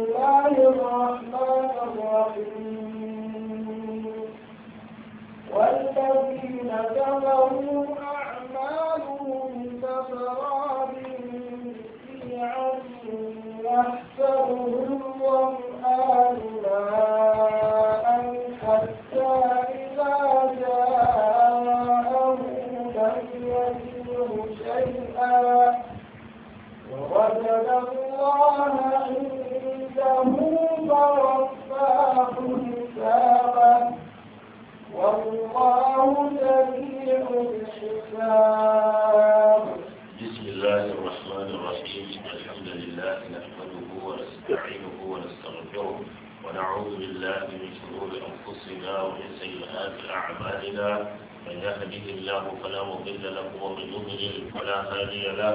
الله الرحمن الرحيم والذين كفروا أعمالهم كسراب بقيعة يحسبه الظمآن ماء حتى إذا جاءه لم يجده شيئا ووجد الله عنده فرفعه حسابا والله سريع الحساب بسم الله الرحمن الرحيم الحمد لله نحمده ونستعينه ونستغفره ونعوذ بالله من شرور انفسنا ومن سيئات اعمالنا من يهده الله فلا مضل له ومن يضلل فلا هادي له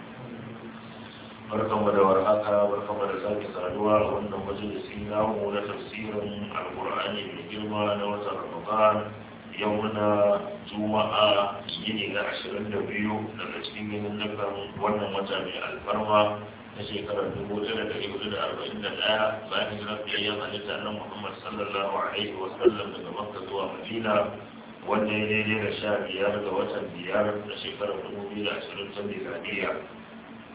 barkanmu da warhaka barkanmu da sake saduwa a wannan majalisi namu na tafsirin alkur'ani mai girma na watan ramadan yau muna juma'a yini na ashirin da biyu daga cikin ginin nakan wannan wata mai alfarma na shekarar dubu ɗaya da hudu da arba'in da ɗaya bayan hijirar biyayyen halitta nan muhammad sallallahu alaihi wa sallam daga makka zuwa madina wanda ya daidai da sha biyar ga watan biyar na shekarar dubu biyu da ashirin ta miladiya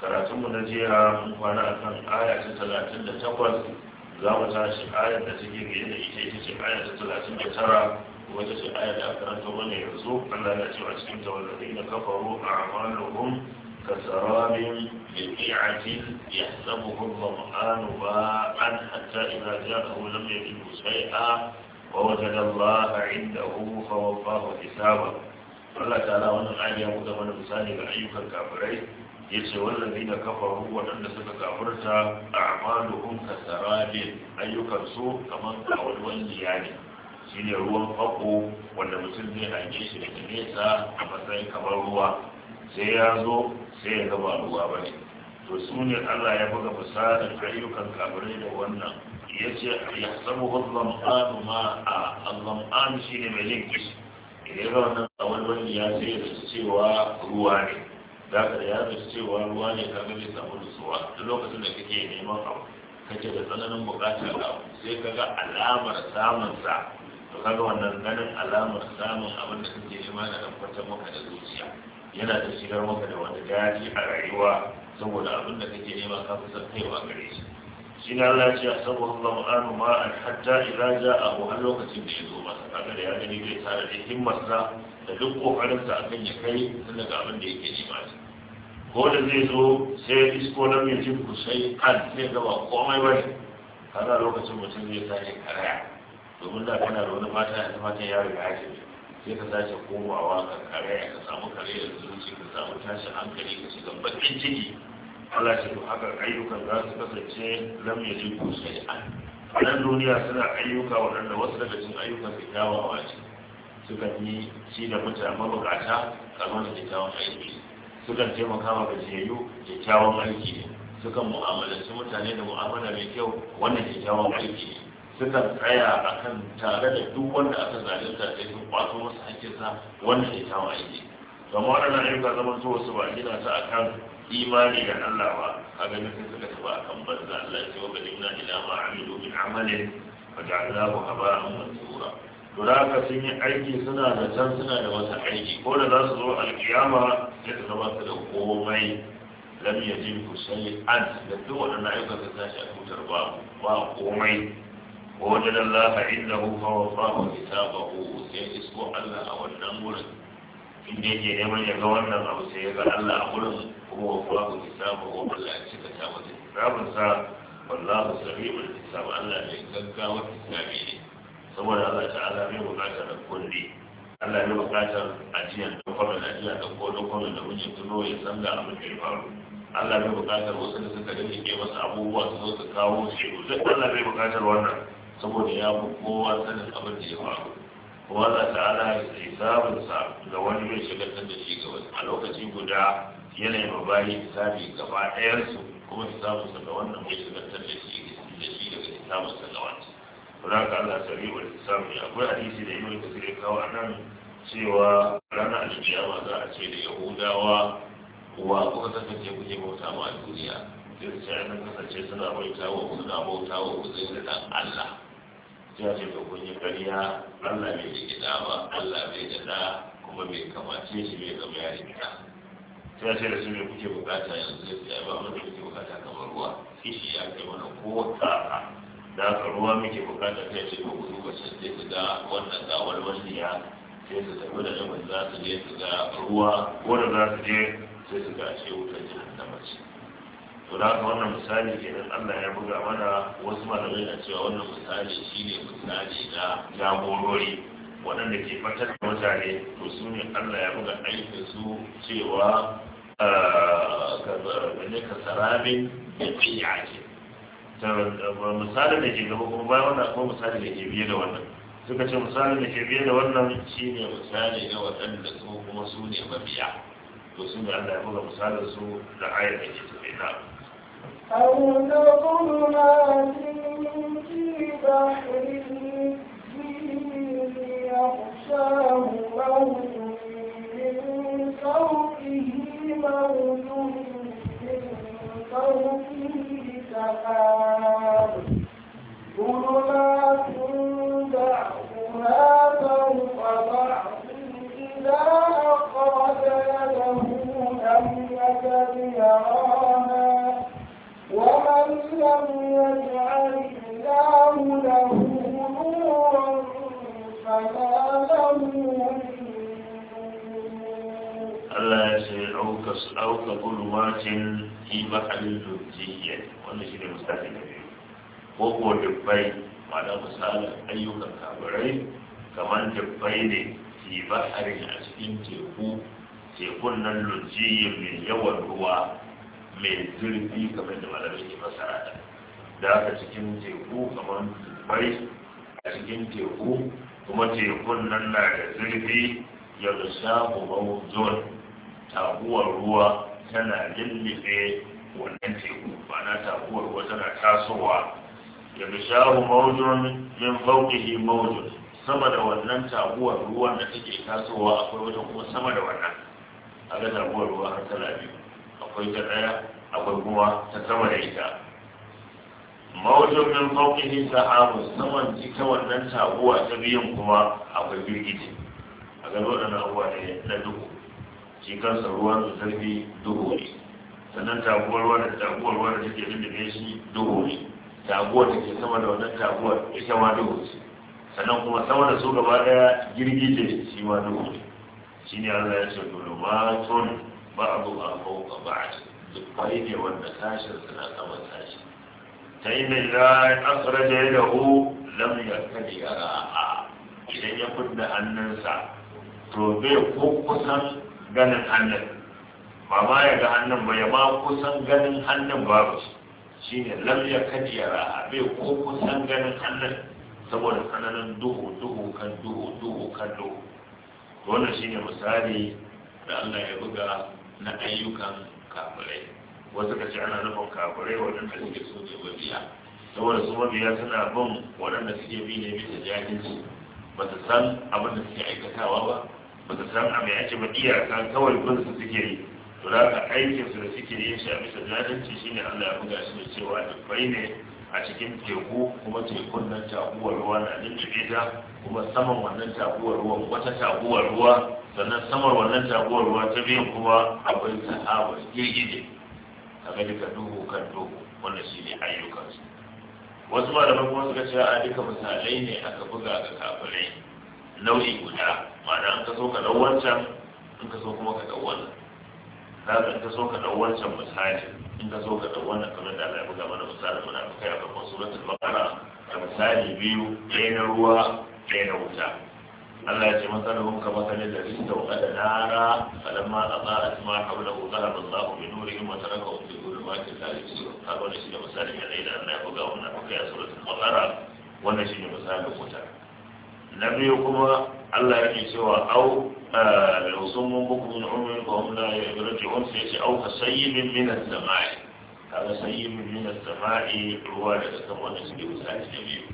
karatunmu na jiya kwana a kan aya ta talatin da takwas za mu tashi ayar da take biye da ita ita ce aya ta talatin da tara wata ce aya da karanta wani yanzu allah ya ce a cikin tawallafi na kafaru a amaluhum كسراب بقيعة يحسبه الظمآن باء حتى إذا جاءه لم يجده شيئا ووجد الله عنده فوفاه حسابه Allah ta'ala wannan ayat ya buga mana misali ga ayyukan kafirai ya ce wallazi da kafaru waɗanda suka kafurta a amaluhun kasarabin ayyukansu kamar Kawai liya ne shi ne ruwan fako wanda mutum zai hange shi da nesa a matsayin kamar ruwa sai ya zo sai ya gaba ruwa ba ne to su allah ya buga misalin ayyukan kafirai da wannan ya ce ya samu ma a allam'anu shi ne mai yin kishi idan ya ga wannan wani liya sai ya cewa ruwa ne za ka da yaro cewa ruwa ne ka gabe samu nutsuwa duk lokacin da kake neman abu kake da tsananin bukatar abu sai ka ga alamar samun sa to kaga wannan ganin alamar samun abin da kake nema da tabbatar maka da zuciya yana da shigar maka da wani daji a rayuwa saboda abin da kake nema ka fi san gare shi shi lafiya a saboda zama'anu ma an hatta ila ja a har lokacin da ya zo masa kaga da ya gani zai tare da himmarsa da duk kokarinsa akan ya kai tun daga abin da yake nema shi ko da zai zo sai isko na mai jin kusai an sai gaba komai ba kaga lokacin mutum zai sake karaya domin da kana da wani mata yanzu mata ya riga ya ce sai ka sace komawa ka karaya ka samu karaya da zuci ka samu tashin hankali ka shiga bakin ciki Allah shi to haka ayyukan za su kasance lam yaji ku sai an nan duniya suna ayyuka waɗanda wasu daga cikin ayyukan su kyawawa ce sukan yi shi da mutane mabukata kamar da kyakkyawan aiki sukan taimaka ma gajiyayyu kyakkyawan aiki ne sukan mu'amalanci mutane da mu'amala mai kyau wannan kyakkyawan aiki ne sukan tsaya a kan tare da duk wanda aka zalunta sai sun kwato masa hakkinsa wannan kyakkyawan aiki kamar waɗannan ayyuka zaman su wasu ba gina ta a akan imani da Allah ba a ganin suka tafi a kan banza Allah ya ce wa gadimna ila ma amilu min amalin fa ja'alnahu haba'an mansura to da sun yi aiki suna da can suna da wata aiki ko da za su zo alkiyama ya ta ba su da komai lam yajin ku sai an da duk waɗannan ayyukan da tashi a tutar ba ba komai wajen Allah innahu fa wafahu hisabahu sai isko Allah a wannan wurin inda yake neman ya ga wannan abu sai ya ga Allah a wurin kuma wa kuwa ku hisabu wa Allah ya cika ta mutu hisabun sa wallahu sami'ul hisab Allah ya gaggawa hisabi ne saboda Allah ta'ala bai da kulli Allah ne bukatar ajiyar da da ajiya da ko da kwamin da muke tuno ya san da abin da ya faru Allah bai bukatar wasu da suka rike masa abubuwa su zo su kawo shi duk Allah bai bukatar wannan saboda ya bukowa sanin abin da ya faru kuma Allah ta'ala hisabinsa da wani mai shagaltar da shi ga wani a lokaci guda yanayin mabari hisabi gaba ɗayansu kuma hisabinsa da wannan mai shagaltar da shi da shi daga hisabinsa ga wani to da ala Allah sari wa hisabi akwai hadisi da yau da suke kawo a nan cewa ranar alkiyama za a ce da yahudawa wa kuka kasance kuke bauta ma a duniya sai su ce an kasance suna bauta wa suna bauta wa da Allah ya ce to kun yi ƙarya Allah bai da gida ba Allah bai da da kuma bai kamace shi bai zama ya rikita sai ce da su ne kuke bukata yanzu ya ba mu da kuke bukata kamar ruwa kishi ya ke mana ko tsaka da aka ruwa muke bukata kai ce ba kudu ba sai sai su ga wannan gawar wani ya sai su tafi da ɗan za su je su ga ruwa ko da za su je sai su ga ce wutar jihar da mace to da wannan misali kenan Allah ya buga mana wasu malamai na cewa wannan misali shine misali na jagorori waɗanda ke fatar da mutane to su ne Allah ya buga aikin su cewa gane ah, ka sarabin da ƙiya ce misalin da ke gaba kuma bayan wannan kuma misali da ke biye da wannan suka ce misalin da ke biye da wannan shine misali na waɗanda su kuma su ne mabiya to su ne Allah ya buga misalin su da ayar da ke tafi na أو كظلمات في بحر يغشاه موج kamar da malamai ke fassara ta da aka cikin teku kamar bai a cikin teku kuma tekun nan na da zurfi ya rusahu mawuzon taguwar ruwa tana lullube wannan teku na taguwar ruwa tana tasowa ya shahu mawuzon min fauƙihi mawuzon sama da wannan taguwar ruwan da take tasowa akwai wata kuma sama da wannan a ga taguwar ruwa har tana biyu akwai ta ɗaya akwai kuma ta sama da ita mawajin min fauƙihin sahabu saman ita wannan taguwa ta biyun kuma akwai birgiti a gano na abuwa ne na duhu shi kansa ruwan su zarfi duhu ne sannan taguwar ruwa da taguwar ruwa da take lullube shi duhu ne taguwar da ke sama da wannan taguwar ita ma duhu ce sannan kuma sama da su gaba ɗaya girgije shi ma duhu ne shi ne allah ya ce dole ma tun ba abu a fauka ba a dukkai ne wanda tashin suna saman tashi ta yi mai lai asirar da ya dahu lamuyar ta da a idan ya fidda hannunsa to bai ko kusan ganin hannun ba ma ya ga hannun ba ya ma kusan ganin hannun babu shi ne lamuyar ta da a bai ko kusan ganin hannun saboda tsananin duhu duhu kan duhu duhu kan duhu wannan shine misali da Allah ya buga na ayyukan kafirai wasu ka ci ana nufin kafirai waɗanda suke so ne biya saboda su mabiya suna bin waɗanda suke bi ne bisa jahilci ba su san abin da suke aikatawa ba ba su san a mai ake ba iyakan kawai bin su suke yi to da aikin su da suke yi shi a bisa jahilci shine Allah ya buga shi da cewa dubbai ne a cikin teku kuma tekun nan taguwar ruwa na lullube ta kuma saman wannan taguwar ruwan wata taguwar ruwa sannan samar wannan taguwar ruwa ta biyan kuma akwai sahaba girgije a gani ka duhu kan duhu wannan shi ne ayyukansu wasu da kuma suka ce a duka misalai ne aka buga ga kafirai nau'i guda ma'ana an ka so ka dau wancan in ka so kuma ka dau wannan zaka in ka so ka dau wancan misali in ka so ka dau wannan kamar da Allah ya buga mana misalin munafikai a farkon suratul baqara da misali biyu ɗaya na ruwa ɗaya na wuta Allah ya ce masalahum kama masalin da rinda wa kada nara falamma adaat ma hawlahu dhahaba Allahu bi nurihim wa tarakahum fi da la yusirun kaga wannan shine misalin yanayi da Allah ya buga wannan ya a suratul baqara wannan shine misalin wuta na biyu kuma Allah ya ce cewa au eh, lau sun mun buku min umrin ko hum ce yarji'un sai ce au kasayyibin min as-sama'i kaga sayyibin min minan samai ruwa daga kan wannan shine na biyu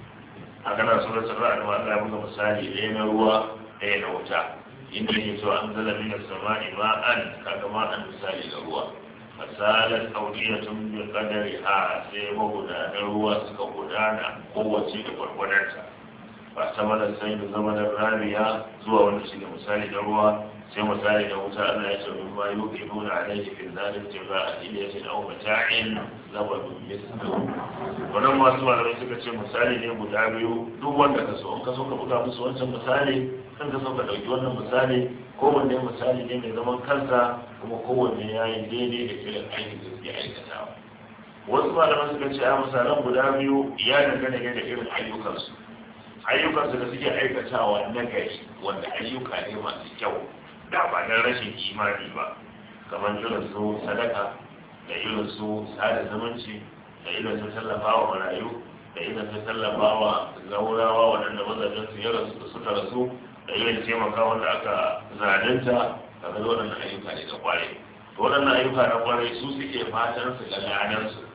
a kana surar sarra da Allah ya buga misali ɗaya na ruwa ɗaya na wuta inda yake cewa an zala min as-sama'i ma'an kaga ma'an misali ga ruwa fasalat awdiyatun bi a sai magudanan ruwa suka gudana kowace da gwargwadonta ba samanar sai da zamanar rabiya zuwa wanda shi ne misali da ruwa sai misali da wuta ana ya sauri ruwa yau ka ibu na alaji fi zalim ce ba a iya zama au mata'in zaba wannan masu malamai suka ce misali ne guda biyu duk wanda ka so in ka so ka buga musu wancan misali kan ka so ka ɗauki wannan misali ko wanne misali ne mai zaman kansa kuma kowanne ya yi daidai da irin aikin da suke aikatawa wasu malaman suka ce a misalan guda biyu ya dangane da irin ayyukansu ayyukansu da suke aikatawa na gari wanda ayyuka ne masu kyau da ba na rashin imani ba kamar irin su sadaka da irin su sada zumunci da irin su tallafawa marayu da irin su tallafawa zaurawa waɗanda mazajen su yara suka rasu da irin taimaka wanda aka zalunta kamar wannan ayyuka ne da kwarai waɗannan ayyuka na kwarai su suke fatan su ga ganansu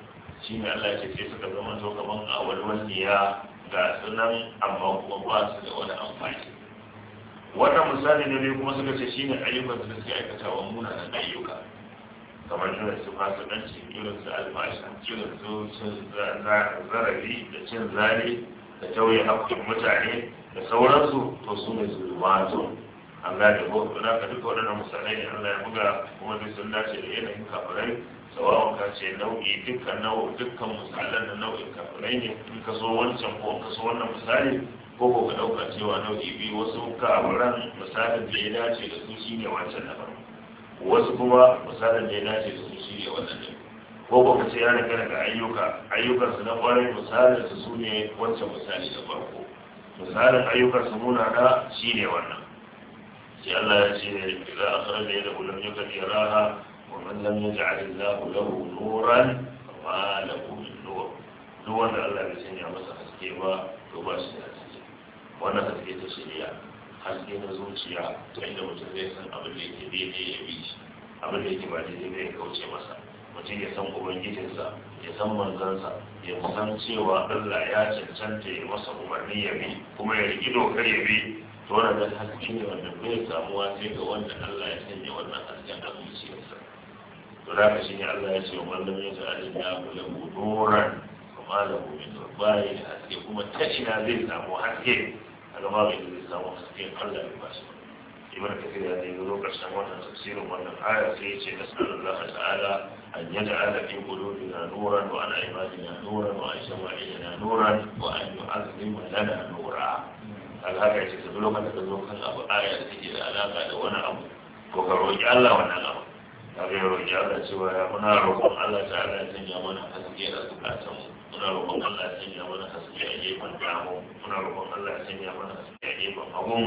shi ne Allah ke sai suka zama to kaman a ga sunan amma kuma ba su da wani amfani wannan misali na biyu kuma suka ce shine ayyukan da suke aikata wa munanan ayyuka kamar irin su fasikanci irin su albashin irin su cin zarafi da cin zare da tauye hakkin mutane da sauransu to su ne su zumato an gane ko don haka duka waɗannan misalai Allah ya buga kuma duk sun dace da yanayin kafirai sawa'un ka ce nau'i dukkan nau'i dukkan misalan da nau'in kafirai ne in ka so wancan ko ka so wannan misali ko ko ka ɗauka cewa nau'i biyu wasu kafiran misalin da ya dace da su shi ne wancan na farko wasu kuma misalin da ya dace da su shi ne wannan ne ko ko ka ce ya riga daga ayyuka su na ƙwarai misalin su su ne wancan misali na farko misalin ayyukansu da shi ne wannan sai Allah ya ce za a sanar da yadda kullum yukan yaraha ومن لم يجعل الله له نورا فما له من نور نور الله بسني مسا حسكي با to ba shi da حسكي wannan haske ta shirya haske na zuciya ta inda mutum zai san abin da yake ya bi shi abin kauce masa ya san ubangijinsa ya san manzansa ya san cewa allah ya cancanta ya masa umarni ya bi kuma ya riƙi dokar ya bi to wannan ne wanda bai samu ga wanda allah ya sanya wannan hasken a to da ka shine Allah ya ce wa mallam ya ja'alin da ku lahu nuran wa ma lahu min nurai haske kuma ta ina zai samu haske a gaba mai zai samu haske Allah ya ba shi ibn kafir ya zai zo karshen wannan tafsirin wannan aya sai ya ce nas'alullahu ta'ala an yaj'ala fi qulubina nuran wa an na nuran wa an shama'ina nuran wa an yu'azzima lana nura kaga haka ya ce duk lokacin da zo kan abu aya da take da alaka da wani abu to ka roki Allah wannan abu kaga ya roƙi Allah cewa ya muna roƙon Allah ta Allah ya sanya mana haske a zukatan muna roƙon Allah ya sanya mana haske a gefen damu muna roƙon Allah ya sanya mana haske a gefen hagun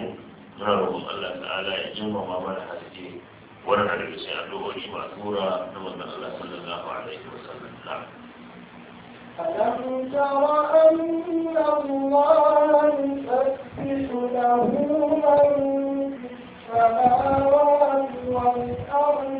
muna roƙon Allah ta Allah ya jimma mana haske Wani na daga cikin addu'o'i ba tura na manzon Allah sallallahu alaihi wasallam na ألم تر أن الله يسبح له من في السماوات والأرض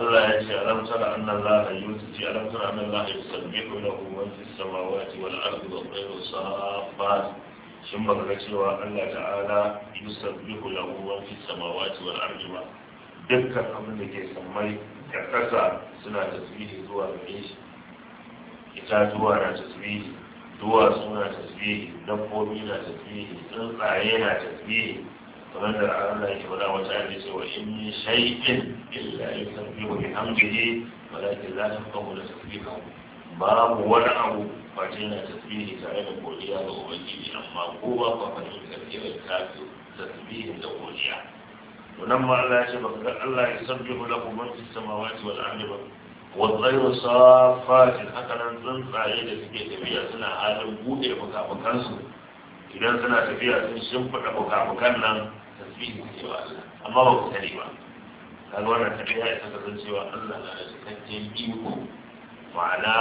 Allah ya ce alam tara anna Allah yuti alam tara anna Allah yusabbihu lahu man fis samawati wal ardi wa ghayru saffat shin baka ga cewa Allah ta'ala yusabbihu lahu man fis samawati wani ardi ba dukkan abin da ke sammai da kasa suna tasbihi zuwa gare shi itatuwa na tasbihi duwatsu na tasbihi dabbobi na tasbihi tsuntsaye na tasbihi kamar da Allah ke wada wata ayar cewa in min shay'in illa yusabbihu bihamdihi walakin la tafqahu tasbihahu babu wani abu face na tasbihi tare da godiya ga ubangiji amma ko ba ka fahimta kafin kafin tasbihin da godiya ولما الله يسبب الله يسبح له من في السماوات والأرض والطير صافات هكذا tsuntsaye da suke tafiya suna halin buɗe fuka-fukansu idan suna tafiya sun shimfiɗa fuka-fukan nan tasbihi cewa Allah amma ba ku sani ba kaga wannan tabiya ya saka zan cewa Allah na da cikakken iko ma'ana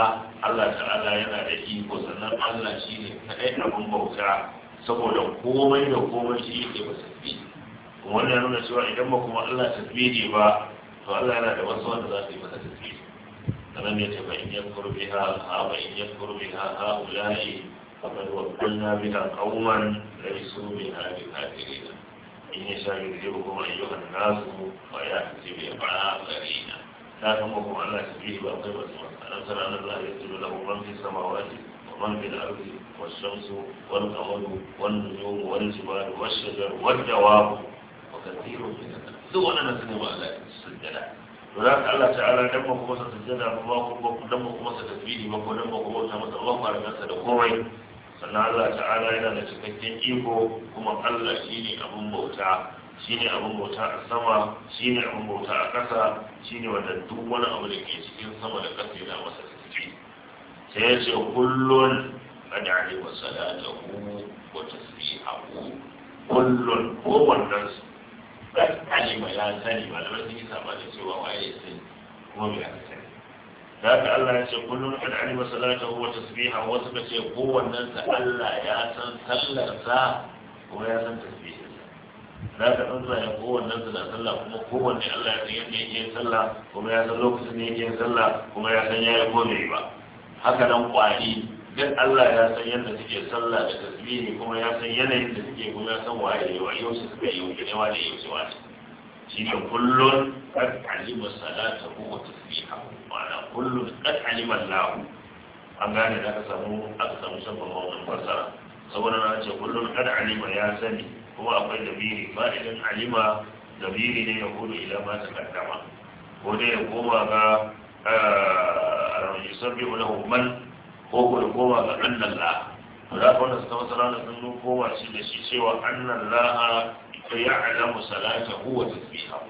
Allah ta'ala yana da iko sannan Allah shi ne kadai abin bauta saboda komai da komai shi yake ba tasbihi kuma ya nuna cewa idan ba kuma Allah tasbihi ba to Allah yana da wasu wanda za su yi masa tasbihi فلم يتب أن يذكر بها أو أن يذكر بها هؤلاء فقد وكلنا بها قوما ليسوا بها بكافرين ne ya sha yurjibu kuma ayyukan nasu ba ya hasibu bai ba a qarina ta san ko kuma Allah subhanahu ba kai ba sai alam tara anna Allah yasjudu lahu man fis samawati wa man fil ardi wash shamsu wal qamaru wan nujumu wal jibalu wash shajaru wad dawabu wa kathirun min an-nas duk wannan sun ba Allah sujjada to da Allah ta'ala dan mu kuma sujjada ba ko dan mu kuma tasbihi ba ko dan mu kuma ta masa Allah ba da komai sannan Allah ta'ala yana da cikakken iko kuma Allah ne abin bauta ne abin bauta a sama shi ne abin bauta a ƙasa shi ne wanda duk wani abu da ke cikin sama da ƙasa yana masa ciki sai ya ce kullun qad alima salatahu wa tasbihahu kullun ko wannan su ɗan alima ya sani malamai sun yi saba da cewa waye sai kuma bai haka da haka Allah ya ce kullum kan alima salatahu wa tasbihahu wasu suka ce kowannen sa Allah ya san sallar sa kuma ya san tasbihin sa da haka tsuntsaye kowannen sa da sallah kuma kowanne Allah ya san yadda yake yin sallah kuma ya san lokacin da yake yin sallah kuma ya san ya yi ko bai ba haka nan kwari duk Allah ya san yadda suke sallah da tasbihi kuma ya san yanayin da suke kuma ya san waye ne wa yau su suka yi wuce ne wa ne yau su wa ne shi ne kullum kan alima salatahu wa tasbihahu ma'ana kullum kad aliman lahu an gane da aka samu aka samu sabon wannan fasara saboda na ce kullum kad alima ya sani kuma akwai dabiri fa'idan alima dabiri ne ya kudu ila ma ta kaddama ko dai ya koma ga eh, yusabbi lahu man ko ko ya koma ga annan la to da kuma suka masala da sun koma shi da shi cewa annan la ya ya'lamu salatahu wa tasbihahu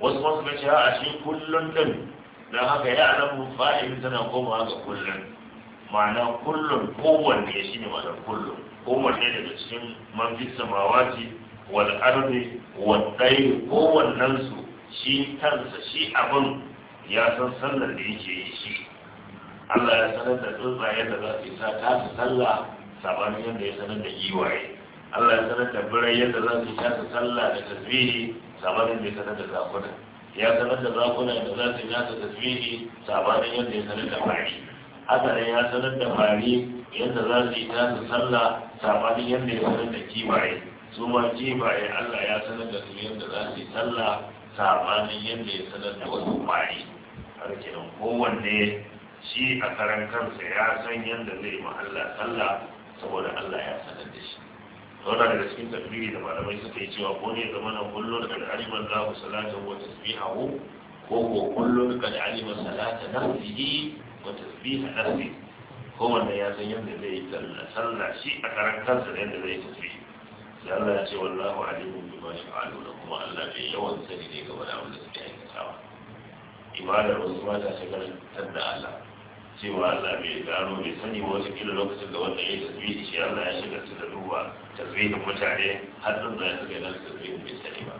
wasu masu ga a shi kullum din don haka ya alamu fa'il tana komawa ga kullum ma'ana kullum kowanne shi ne ma'ana kullum kowanne daga cikin mafi samawati wani ardi wal dai kowannen su shi kansa shi abin ya san sallar da yake yi shi Allah ya sanar da tsuntsaye da za su isa ta su sallah saman yadda ya sanar da giwaye Allah ya sanar da birai yadda za su yi ta su sallah da tasbihi saman da ya sanar da zakuna ya sanar da zakuna da za su nasa tasbihi sabanin yadda ya sanar da fari haka ne ya sanar da fari yadda za su yi tasu sallah sabanin yadda ya sanar da kibaye su ma kibaye Allah ya sanar da su yadda za su yi sallah sabanin yadda ya sanar da wasu fari har kenan kowanne shi a karan kansa ya san yadda zai ma Allah sallah saboda Allah ya sanar da shi zauna daga cikin tafiri da malamai suka yi cewa ko ne zama na kullum da aliman za ku salata wa tasbihahu ko ko kullum da aliman salata nafsihi wa tasbiha na nafsi ko wanda ya san yadda zai yi sallah shi a karan kansa da yadda zai yi da Allah ya ce wallahu alimun bima da kuma Allah bai yawan sani ne game da abin da suke aikatawa ibadar wasu mata ta karantar da Allah cewa Allah bai gano bai sani ba wata kila lokacin da wanda ya yi tasbihi shi Allah ya shiga su da duba tasbihin mutane har tsuntsaye suka yi nasu tasbihin bai sani ba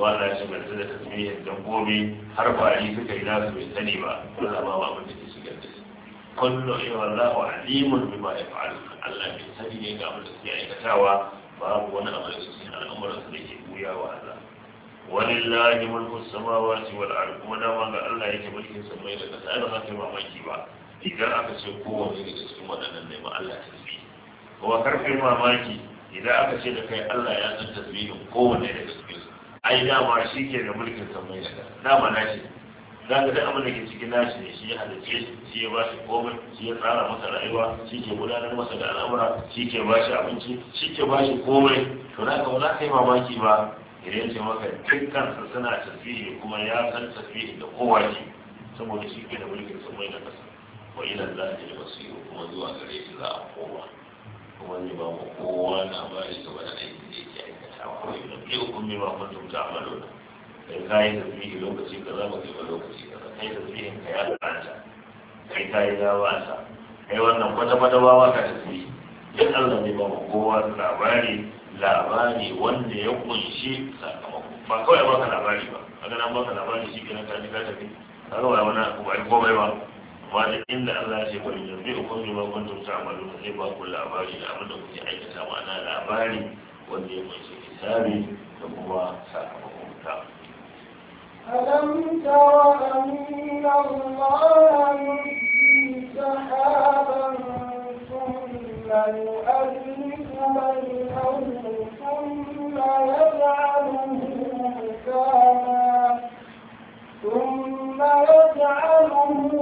wa na shi bai da tasbihin dabbobi har kwari suka yi nasu bai sani ba kuma ba ba mun take shigar da shi kullu ya wallahu alimun bima yaf'al Allah bai sani ne ga abin da suke aikatawa babu wani abu da cikin al'amuran su da ke buya wa Allah walillahi mulku samawati wal ardi kuma da ga Allah yake mulkin samai da kasa da za mamaki ba idan aka ce ne daga cikin waɗannan ne ma Allah tasbih wa karfin mamaki idan aka ce da kai Allah ya san tasbihin kowanne da cikin su ai dama shi ke da mulkin samai da dama na shi za ka duk abin da ke cikin nashi ne shi ya halice shi ya ba shi komai shi ya tsara masa rayuwa shi ke gudanar masa da al'amura shi ke ba shi abinci shi ke ba shi komai to za ka ba za ka yi mamaki ba idan ce maka dukkan su suna tasbihi kuma ya san tasbihin da kowa ne saboda shi ke da mulkin samai da kasa wa ila Allah ya basiru kuma zuwa gare shi za a koma wani ba mu kowa labari game da aikin da yake aikata ko yi na biyu kun bi ma kuntum ta amalo da kai ka yi tasbihi lokaci ka za mu kai ba lokaci ka kai tasbihin ka ya tsanta kai ka yi sa. kai wannan kwata-kwata ba wa ka tasbihi duk Allah ne ba mu kowa labari labari wanda ya kunshi sakamako ba kawai baka labari ba a ganin baka labari shi kenan ka ji ka tafi ka ga wani abu ba komai ba wani inda Allah ya ce bari yanzu ku kun ma kun tumta amalu sai ba ku labari da abin da kuke aikata ma'ana labari wanda ya kunshi hisabi da kuma sakamakon ta ألم تر أن الله يجزي سحابا ثم يؤلف بينه ثم يجعله مكانا ثم يجعله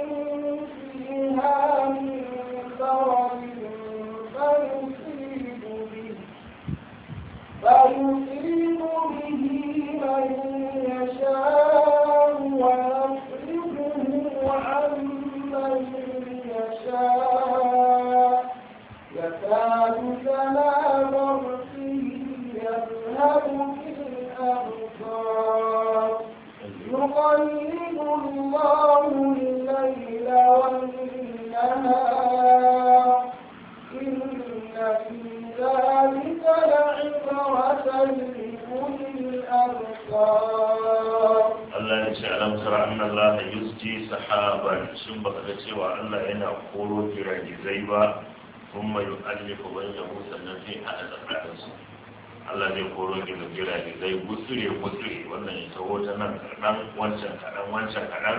alam tara anna Allah yusji sahaba sun baka ga cewa Allah yana koro giragizai ba kuma da musa sannan sai a tsakanin su Allah zai koro giragizai gutsure gutsure wannan ya taho ta nan kaɗan wancan kaɗan wancan kaɗan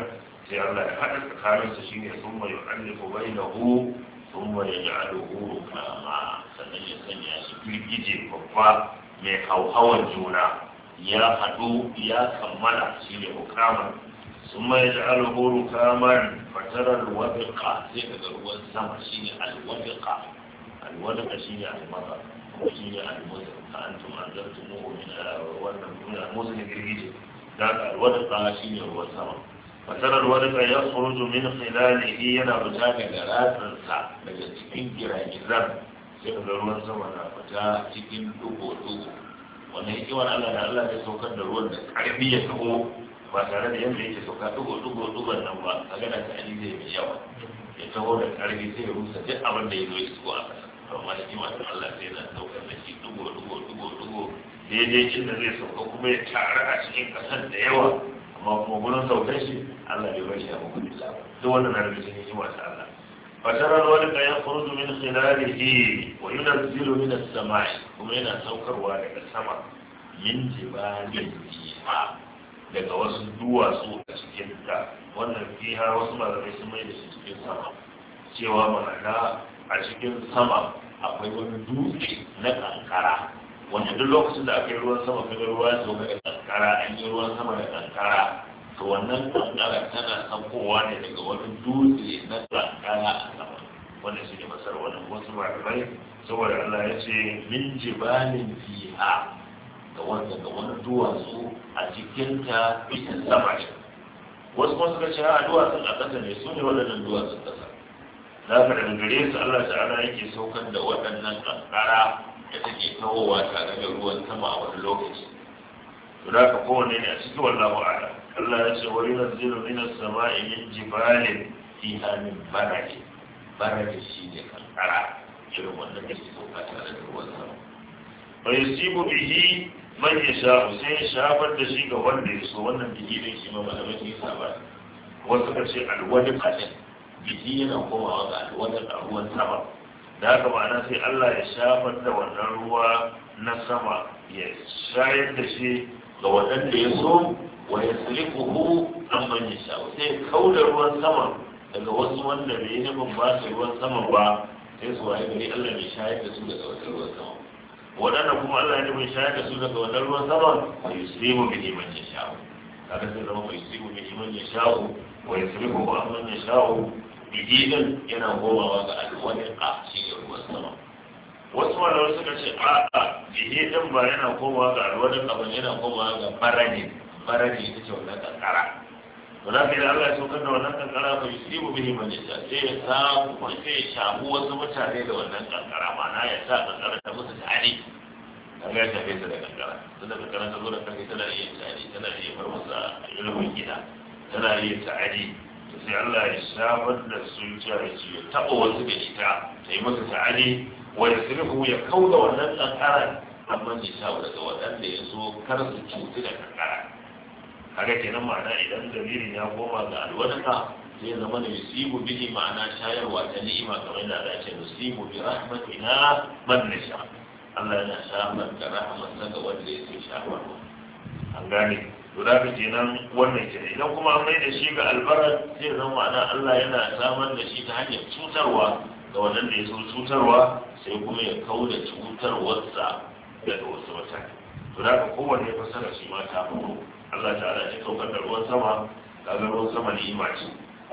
sai Allah ya haɗa tsakanin su shine kuma yu'allifu bainahu kuma ya ja'aluhu kama sannan ya sanya shi girgije babba mai hauhawan juna ya haɗu ya kammala shi ne hukama sun mai da alhuru kamar fatarar wadaka sai daga ruwan sama shi ne alwadaka alwadaka shi ne almaka kuma shi ne almuzar ka an tun an zartu mu min ah, wannan nuna musu ne girgije da alwadaka shi ne ruwan sama fatarar wadaka ya kurzu min khilalihi yana fita daga ratsansa daga cikin giragizan sai daga ruwan sama na fita cikin dubu-dubu. wannan yake wani Allah da Allah ya saukar da ruwan da ƙarfi ya taho ba tare da yadda yake sauka dugo dugo dugon nan ba a gana ta ali zai mai yawa ya taho da ƙarfi sai ya rusa duk abin da ya zo ya suko a ƙasa amma hikimar da Allah sai yana saukar da shi dugo dugo dugo dugo daidai inda zai sauka kuma ya taru a cikin ƙasar da yawa amma kuma gurin saukar shi Allah bai bar shi a hukunci duk wannan na rubutun yi wasa Allah فترى الورق يخرج من خلاله وينزل من السماء كما ينا سوكر ورق السماء من جبال فيها daga wasu duwatsu a cikin ta wannan fiha wasu malamai sun mai cikin sama cewa ma'ana a cikin sama akwai wani dutse na kankara wanda duk lokacin da aka yi ruwan sama kaga ruwa ya sauka da kankara an yi ruwan sama da kankara to wannan kankara tana saukowa ne daga wani dutse na kankara a sama wanda su ke masar wani wasu malamai saboda Allah ya ce min jibalin fiha ga wanda ga wani duwatsu a cikinta cikin sama ne wasu kuma suka ce a duwatsun a ƙasa ne su ne waɗannan duwatsun ƙasa za ka da gare su Allah ta'ala yake saukan da waɗannan kankara da take tawowa tare da ruwan sama a wani lokaci Tura ka kowane ne a cikin wallahu a'lam Allah ya ce wa yunzilu min as-sama'i min jibalin fiha min baraka shi ne kankara irin wanda take sauka tare da ruwan sama fa yusibu bihi man ya yasha sai ya shafar da shi ga wanda ya so wannan biki din shi ma malamin ya saba wasu ka ce alwadi kadin biki yana komawa ga alwadi a ruwan sama da haka ma'ana sai Allah ya shafar da wannan ruwa na sama ya shayar da shi ga waɗanda ya so wa An amman shawo. sai kauda ruwan sama daga wasu wanda bai yi nufin ba su ruwan sama ba sai su waye gari Allah bai shayar da su daga wannan ruwan sama waɗanda kuma Allah ya nufin shayar da su daga wannan ruwan sama wa yusrimu bihi man yasha kaga sai zama wa yusrimu bihi man yasha wa an amman shawo? bihi ɗin yana komawa ga a cikin ruwan sama wasu malamai suka ce a'a bihi ɗin ba yana komawa ga alwadiqa ba yana komawa ga farani barari ita ce wannan kankara wanda ke da Allah ya saukar da wannan kankara ko yi tsibu bihi man yasha ce ya samu kuma sai ya shafu wasu mutane da wannan kankara Mana ya sa kankara ta musu tsari kaga ya shafe su da kankara tunda kankara ta zo da kanka tana iya tsari tana iya bar masa ilimin gida tana iya tare to sai Allah ya shafar da su ya taɓa wasu da ita ta yi masa tsari wanda sirfu ya kauda wannan kankaran amma ya shawo daga waɗanda ya so kar su cutu da kankara Haka kenan ma'ana idan dalilin ya koma ga alwadaka zai zama ne yusibu bihi ma'ana shayarwa ta ni'ima kamar da Allah ya ce yusibu bi rahmatina man nasha Allah yana shafar da rahmat daga wanda ya ce shafar an gane to ka kace nan wannan kenan idan kuma an mai da shi ga albarar zai zama ma'ana Allah yana samar da shi ta hanyar cutarwa ga wannan ya so cutarwa sai kuma ya kauda cutarwarsa daga wasu mutane to ka kowanne fasara shi ma ta faru Allah ta'ala ya saukar da ruwan sama kaga ruwan sama ni'ima ce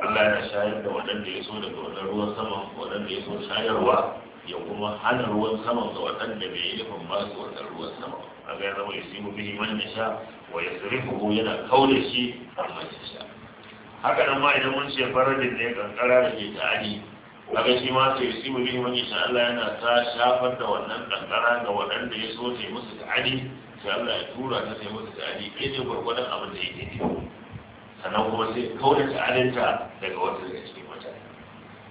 Allah ya shayar da waɗanda ya so daga wannan ruwan sama waɗanda ya so shayarwa ya kuma hana ruwan sama ga waɗanda bai yi nufin ba su wannan ruwan sama a ga zama ya simu bihi man sha wa ya sirifu yana kaure shi amma ya sha haka nan ma idan mun ce faradin ne kankara da ke tari kaga shi ma sai yusibu bihi man sha Allah yana ta shafar da wannan kankara ga waɗanda ya so ta yi musu ta'adi sai Allah ya tura ta sai masa ta'adi ke ne gwargwadon abin da yake ne sannan kuma sai kauda alinta daga wata daga cikin mutane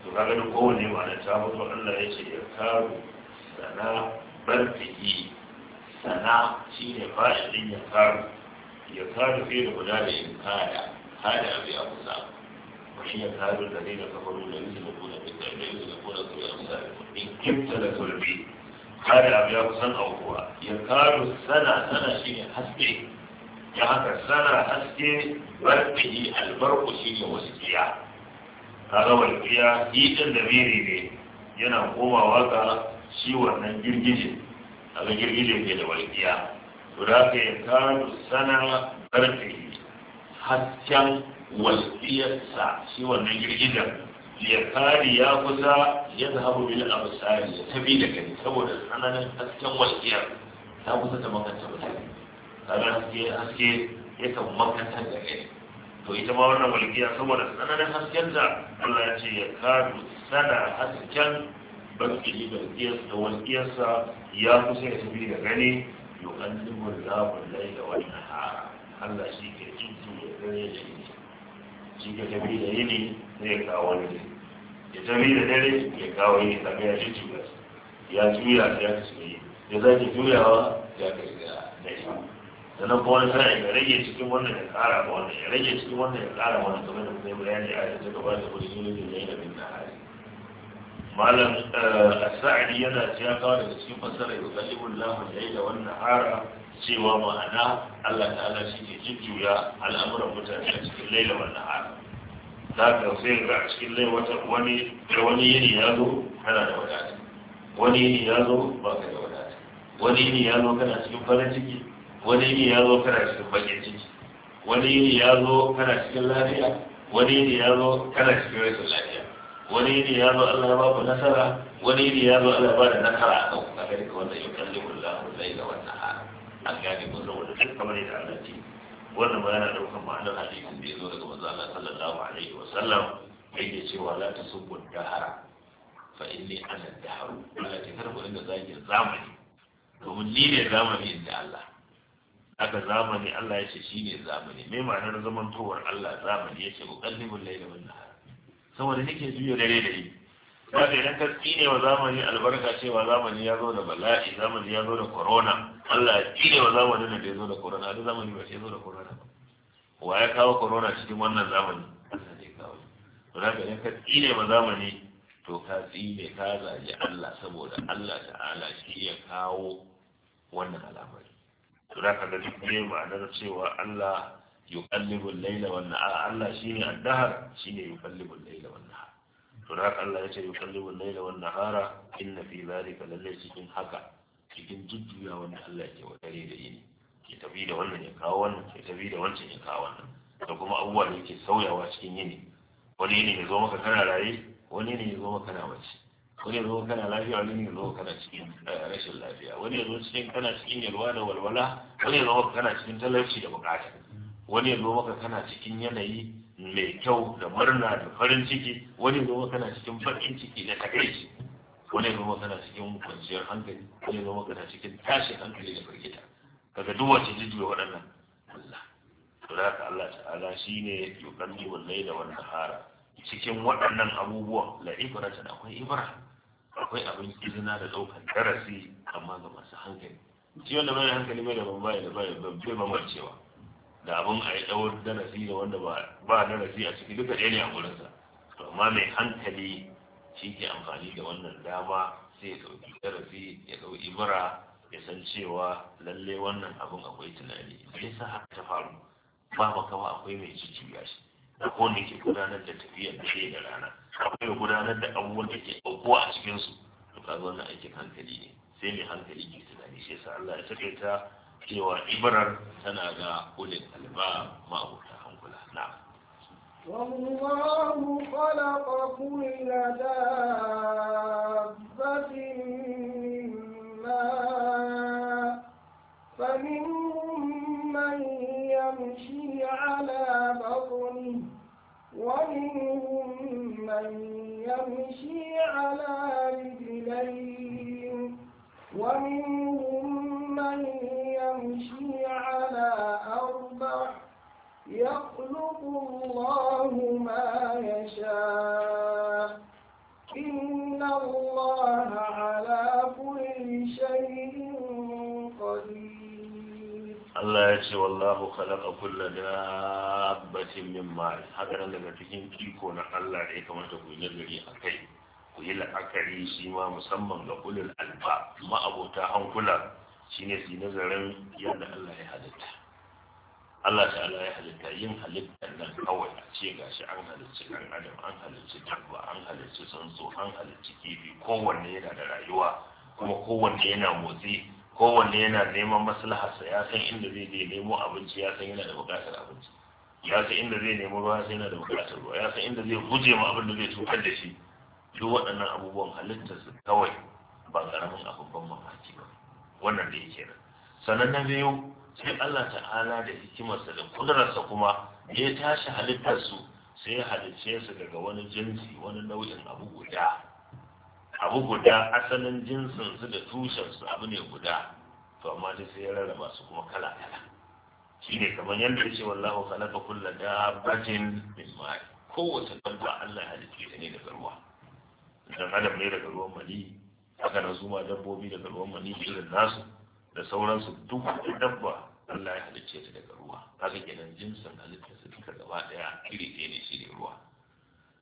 to kaga duk kowanne ma'ana ta mutu Allah ya ce ya karu sana barfihi sana shine fa'ilin ya karu ya karu fiye da guda da yin kada kada abi abu zaɓa وحين هذا الذين كفروا لا يذنبون بالله لا يذنبون في أمثالهم إن كنت لتلبي kare abu ya kusan aukuwa ya karu sana sana shi ne haske ya haka sana haske barfihi albarku shi ne walƙiya kaga walƙiya yi ɗin da miri ne yana komawa ga shi wannan girgije kaga girgije ke da walƙiya to da ka ya karu sana barfihi hasken walƙiyarsa shi wannan girgijen ya ya kusa ya zahabu bil absari ya tabi da gani saboda tsananin hasken walƙiyar ta kusa ta makanta mutane kaga haske haske yakan makantar da gani to ita ma wannan walƙiya saboda tsananin hasken da Allah ya ce ya kare sana hasken barkili barkiyarsa da walƙiyarsa ya kusa ya tabi da gani yau an zubar da wallai da wani hara Allah shi ke tuntun ya gane ya ita shi ke tafi da yini zai kawo wani ya tafi da dare ya kawo yini kamar ya shi juya ya juya ya kasu yi ya zaki juyawa ya kasu da dare sannan kuma wani sana'a ya rage cikin wannan ya kara ma wannan ya rage cikin wannan ya kara wannan kamar da kuma bayani a yanzu gaba da kuma shi ne da yana bin hali malam eh, asa'adi yana ya kawo daga cikin fasara ya al-layla wan nahara cewa ma'ana Allah ta'ala shi ke jujjuya al'amuran mutane a cikin laila wa nahar za ka sai ga a cikin laiwatar wani wani yini ya zo kana da wadata wani yini ya zo ba ka da wadata wani yini ya zo kana cikin farin ciki wani yini ya zo kana cikin bakin ciki wani yini ya zo kana cikin lafiya wani yini ya zo kana cikin rashin lafiya wani yini ya zo Allah ya ba ku nasara wani yini ya zo Allah ya ba da nasara a kan kaga ga wannan yukallimu Allahu laila wa nahar an gane ko saboda duk kamar yadda Allah ce wannan ba yana daukan ma'anar hadisin da ya zo daga manzo Allah sallallahu alaihi wa sallam yake cewa la tasubbu dahara fa inni ana daharu Allah ce kar ku dinga zagin zamani domin ni ne zamani inda Allah aka zamani Allah ya ce shi ne zamani mai ma'anar zamantowar Allah zamani ya ce ƙoƙarni bullai da wannan saboda nake juya dare da yi za ka idan ka tsine wa zamani albarka cewa zamani ya zo da bala'i zamani ya zo da corona Allah ya tsine wa zamani da ya zo da corona da zamani ba ya zo da corona wa ya kawo corona cikin wannan zamani Allah ne kawo to za idan ka tsine wa zamani to ka tsine ka zaje Allah saboda Allah ta'ala shi ya kawo wannan al'amari to za ka ga duk ne ma'anar cewa Allah yuqallibul layla wan nahar Allah shine addahar shine yuqallibul layla wan nahar to Allah ya ce yuqallibul da wannan nahara inna fi ka lalle cikin haka cikin jujjuya wanda Allah ke wa dare da yini ke tafi da wannan ya kawo wannan ke tafi da wancan ya kawo wannan da kuma abubuwa da yake sauyawa cikin yini wani yini ya zo maka kana raye wani yini ya zo maka kana mace wani ya zo kana lafiya wani ya zo kana cikin eh, rashin lafiya wani ya zo cikin kana cikin yalwa da walwala wani ya zo maka kana cikin talauci da bukata wani ya zo maka kana cikin yanayi mai kyau da murna da farin ciki wani zama kana cikin farin ciki da takaici wani zama kana cikin kwanciyar hankali wani zama kana cikin tashin hankali da firgita kaga duk wace jijiyo waɗannan Allah to da haka Allah ta'ala shine yuqallibu al da wan hara. cikin waɗannan abubuwa la ta akwai ibra akwai abin izina da ɗaukar darasi amma ga masu hankali shi wanda mai hankali mai da bambaya da bai cewa. da abin a yi tsawon darasi da wanda ba darasi a ciki duka ɗaya ne a gurinsa to amma mai hankali shi ke amfani da wannan dama sai ya ɗauki darasi ya ɗauki ibra ya san cewa lalle wannan abin akwai tunani bai sa haka ta faru ba makawa akwai mai ya shi da kowane ke gudanar da tafiyar da da rana akwai gudanar da abubuwan da ke ɗauko a cikinsu to kaga wannan aikin hankali ne sai mai hankali ke tunani shi yasa Allah ya taƙaita cewa ibarar tana ga ulil alba ma'abuta hankula na والله خلق كل دابة من ماء فمنهم من يمشي على بطنه ومنهم من يمشي على رجلين ومنهم من يمشي على أربع يخلق الله ما يشاء إن الله على كل شيء Allah ya ce wallahu khalaq kull dabbatin min ma haka daga cikin kiko na Allah da ya kamata ku yi gari akai ku yi la'akari shi ma musamman ga kulul alba ma abota hankula ne su nazarin yadda Allah ya halitta Allah ta'ala ya halitta yin halittar nan kawai a ce gashi an halicci ɗan adam an halicci dabba an halicci tsuntsu an halicci kifi kowanne yana da rayuwa kuma kowanne yana motsi kowanne yana neman maslaharsa ya san inda zai je nemo abinci ya san yana da buƙatar abinci ya san inda zai nemo ruwa sai yana da buƙatar ruwa ya san inda zai guje ma abin da zai cutar da shi duk waɗannan abubuwan su kawai ba ƙaramin abin ban wannan da yake nan sannan na biyu sai Allah ta'ala da hikimarsa da kudurarsa kuma ya tashi halittarsu sai ya halicce su daga wani jinsi wani nau'in abu guda abu guda asalin jinsin su da tushensu abu ne guda to amma dai sai ya rarraba su kuma kala kala Shi ne kamar yadda ya ce wallahu khalaqa kulla dabbatin min ma'i kowace dabba Allah ya halicce ta ne daga ruwa dan adam ne daga ruwan mali haka nan zuma, dabbobi daga ruwan mani irin nasu da sauransu duk da dabba Allah ya halicce ta daga ruwa haka kenan jinsin halittar su duka gaba daya iri ɗaya ne shi ne ruwa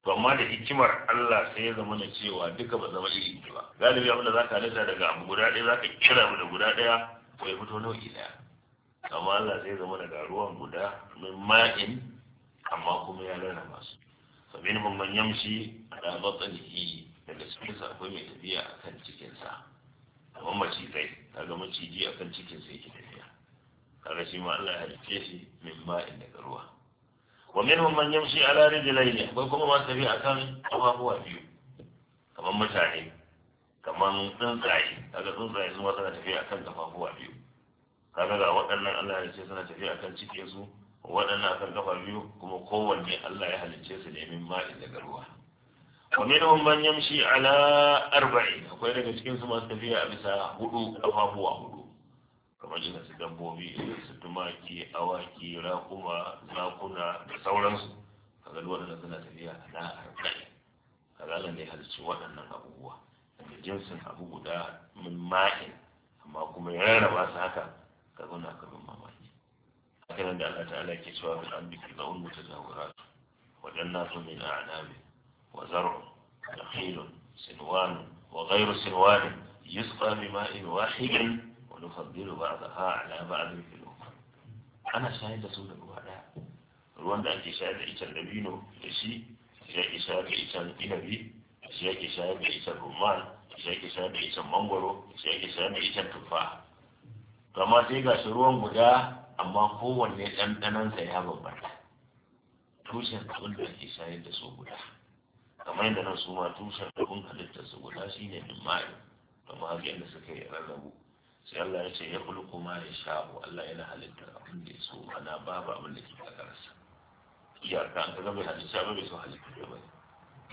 to amma da hikimar Allah sai ya zama na cewa duka ba zama iri ɗaya ba galibi abinda za ka halitta daga abu guda ɗaya za ka kira mu da guda ɗaya ko ya fito nau'i ɗaya amma Allah sai ya zama daga ruwan guda min ma'in amma kuma ya masu. su fa yamshi yamshi ala batnihi daga cikin sa akwai mai tafiya a kan cikinsa kamar macizai kaga maciji a kan cikinsa yake tafiya kaga shi ma Allah ya halice shi min in daga ruwa wa minhum man yamshi ala rijlayni akwai kuma masu tafiya akan kafafuwa biyu kamar mutane kamar tsuntsaye kaga tsuntsaye su ma suna tafiya akan kafafuwa biyu kaga ga waɗannan Allah ya ce suna tafiya akan cikinsu waɗannan akan kafa biyu kuma kowanne Allah ya halicce su ne min in daga ruwa ومنهم من يمشي على أربعين akwai daga cikin su masu tafiya a bisa hudu kafafuwa hudu kamar irin su dabbobi irin tumaki awaki rakuma zakuna da sauransu kaga duk waɗannan suna tafiya a na arba'in kaga ne halicci waɗannan abubuwa daga jinsin abu guda min ma'in amma kuma ya rarraba su haka kaga na kamar mamaki haka nan da Allah ta'ala ke cewa min an biki za'un mutajawiratu wajen nasu min a'anamin وزرع نخيل سنوان وغير سنوان يسقى بماء واحد ونفضل بعضها على بعض في الأخرى أنا شاهد سنة الوعداء ruwan da ake shayar da itar dabino da shi shi ake shayar da itar inabi ake shayar da itar rumman ake shayar da itar mangoro ake shayar da itar tufa amma sai ga ruwan guda amma kowanne ɗanɗanansa ya bambanta tushen abin da ake shayar da su guda kamar yadda nan su ma tushen da kun halitta su guda shi ne min ma'i kamar haka yadda suka yi rarrabu sai Allah ya ce ya kulku ma ya sha'u Allah yana halittar abin da ya so mana babu abin da ke kakarsa ka an kaga bai halitta ba bai so halitta da bai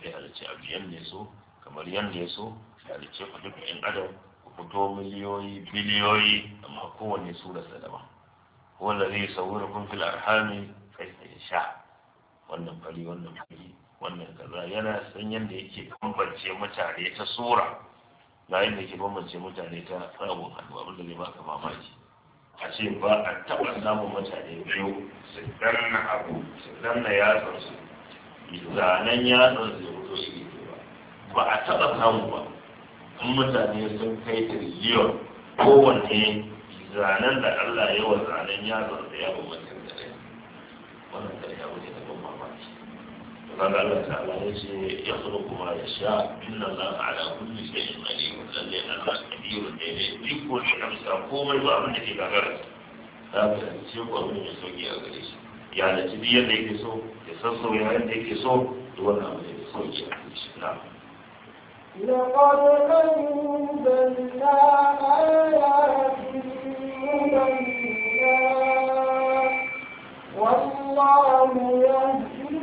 kai halitta abu yadda ya so kamar yadda ya so halitta halicce ku duka yan adam ku fito miliyoyi biliyoyi amma kowane surarsa daban wanda zai sauwara kun fil arhami kai ya sha wannan fari wannan fari wannan kaza yana san yadda yake bambance mutane ta sura na yadda yake bambance mutane ta tsawon hannu abinda zai baka mamaki a ce ba a taɓa samun mutane biyu su danna abu su danna yatsan su zanen yatsan su fito su yi ba a taɓa samu ba in mutane sun kai tiriliyon kowanne zanen da Allah ya wa zanen yatsan da ya bambance da ɗaya wannan ƙarya wuce kaga Allah ta'ala ya ce ya kuma kuma ya sha inna Allah ala kulli shay'in alim lalle Allah kabiru ne ne duk wani amsa komai ba abin da ke gagara ta ka ce ko abin da sauki a gare shi ya da ci so ya so shi لقد أنزلنا آيات مبينات والله يهدي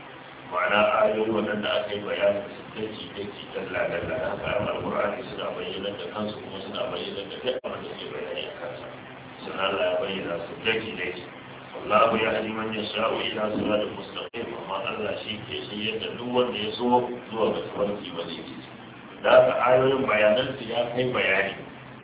ma'ana ayoyin waɗanda aka yi bayanin su daki daki dalla dalla na kayan alƙur'ani suna bayyana da kansu kuma suna bayyana da duk abin da ke bayani a kansa suna Allah ya bayyana su daki daki wallahu ya hadi man yasha'u ila siratal mustaqim amma Allah shi ke shi yadda duk wanda ya so zuwa ga tafarki madaidaici da haka ayoyin bayanan su ya kai bayani